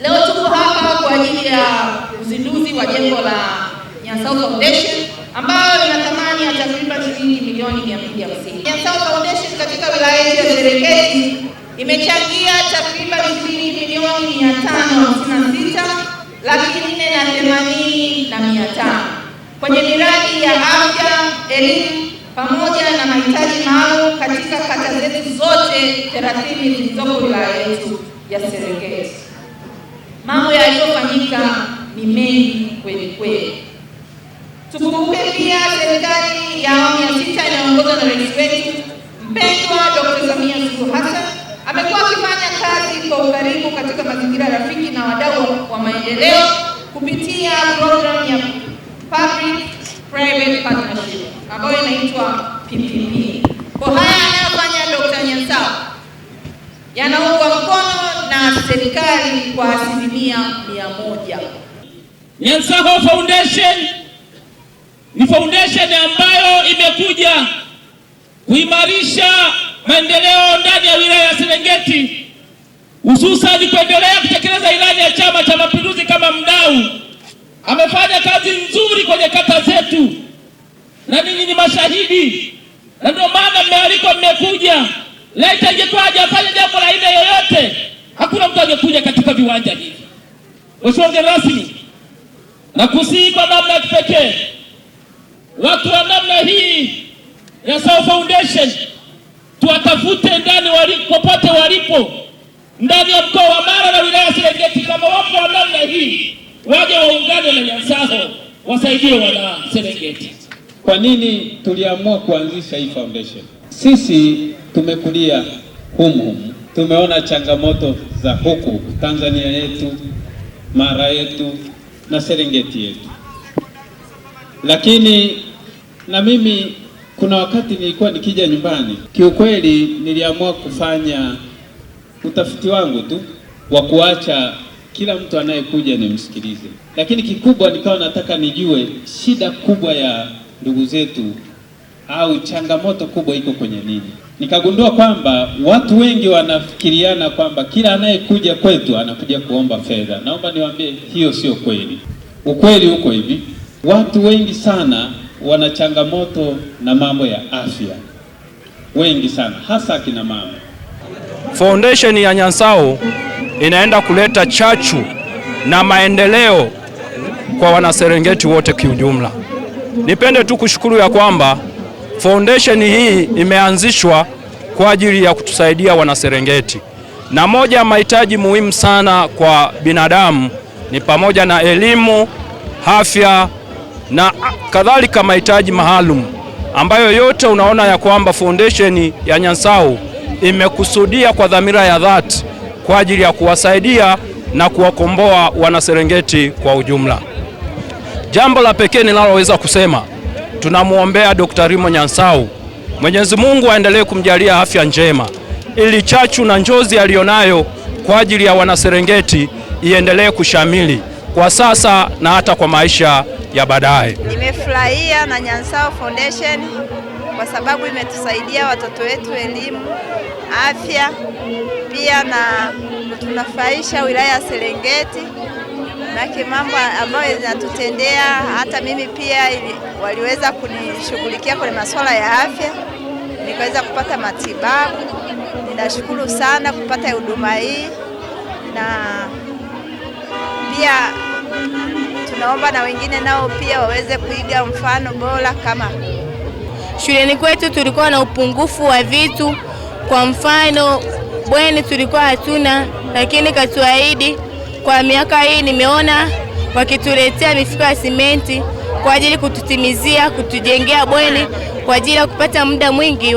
Leo tuko hapa kwa ajili ya uzinduzi wa jengo la nyasa Foundation ambayo lina thamani ya takriban shilingi milioni 250. Nyasawe Foundation katika wilaya yetu ya Serengeti imechangia takriban shilingi milioni 556 laki nne na themanini na mia tano kwenye miradi ya afya, elimu pamoja na mahitaji maalum katika kata zetu zote 30 zilizoko wilaya yetu ya Serengeti. Mambo yaliyofanyika ni mengi kweli kweli. Tukumbuke pia serikali ya awamu ya sita inayoongozwa na rais wetu mpendwa d Samia Suluhu Hassan amekuwa akifanya kazi kwa ukaribu katika mazingira rafiki na wadau wa maendeleo kupitia programu ya public private partnership ambayo inaitwa PPP. Kwa haya anayofanya Dkt. Nyansao yanao serikali kwa asilimia mia moja. Nyansaho Foundation ni foundation ambayo imekuja kuimarisha maendeleo ndani ya wilaya ya Serengeti, hususan kuendelea kutekeleza ilani ya Chama cha Mapinduzi. Kama mdau amefanya kazi nzuri kwenye kata zetu, na ninyi ni mashahidi, na ndio maana mmealikwa, mmekuja. Laiti ingekuwa hajafanya jambo la aina yoyote Hakuna mtu angekuja katika viwanja hivi. Mheshimiwa mgeni rasmi, nakusihi kwa namna ya kipekee, watu wa namna hii ya Sao Foundation tuwatafute ndani walipo, popote walipo ndani ya mkoa wa Mara na wilaya Serengeti. Kama wapo wa namna hii, waje waungane na Nyansaho wasaidie wana Serengeti. Kwa nini tuliamua kuanzisha hii foundation? Sisi tumekulia humu humu Tumeona changamoto za huku Tanzania yetu, Mara yetu na Serengeti yetu, lakini na mimi kuna wakati nilikuwa nikija nyumbani, kiukweli niliamua kufanya utafiti wangu tu wa kuacha kila mtu anayekuja nimsikilize, lakini kikubwa nikawa nataka nijue shida kubwa ya ndugu zetu au changamoto kubwa iko kwenye nini? Nikagundua kwamba watu wengi wanafikiriana kwamba kila anayekuja kwetu anakuja kuomba fedha. Naomba niwaambie hiyo sio kweli. Ukweli uko hivi, watu wengi sana wana changamoto na mambo ya afya, wengi sana, hasa akina mama. Foundation ya Nyansao inaenda kuleta chachu na maendeleo kwa wanaserengeti wote kiujumla. Nipende tu kushukuru ya kwamba Foundation hii imeanzishwa kwa ajili ya kutusaidia Wanaserengeti, na moja ya mahitaji muhimu sana kwa binadamu ni pamoja na elimu, afya na kadhalika mahitaji maalum ambayo yote unaona ya kwamba foundation ya Nyansau imekusudia kwa dhamira ya dhati kwa ajili ya kuwasaidia na kuwakomboa Wanaserengeti kwa ujumla. Jambo la pekee ninaloweza kusema tunamwombea Dr. Rimo Nyansau, Mwenyezi Mungu aendelee kumjalia afya njema, ili chachu na njozi aliyonayo kwa ajili ya wanaserengeti iendelee kushamili kwa sasa na hata kwa maisha ya baadaye. Nimefurahia na Nyansau Foundation kwa sababu imetusaidia watoto wetu elimu, afya, pia na kutunafaisha wilaya ya Serengeti manake mambo ambayo yanatutendea hata mimi pia waliweza kunishughulikia kwenye masuala ya afya, nikaweza kupata matibabu. Ninashukuru sana kupata huduma hii, na pia tunaomba na wengine nao pia waweze kuiga mfano bora kama shuleni kwetu tulikuwa na upungufu wa vitu, kwa mfano bweni tulikuwa hatuna, lakini katuahidi kwa miaka hii nimeona wakituletea mifuko ya simenti kwa ajili kututimizia, kutujengea bweni kwa ajili ya kupata muda mwingi.